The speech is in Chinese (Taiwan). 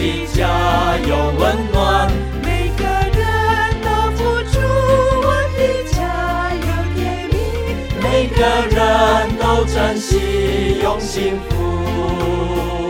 的家有溫暖，每個人都付出；我的家有甜蜜，每個人都珍惜，永幸福。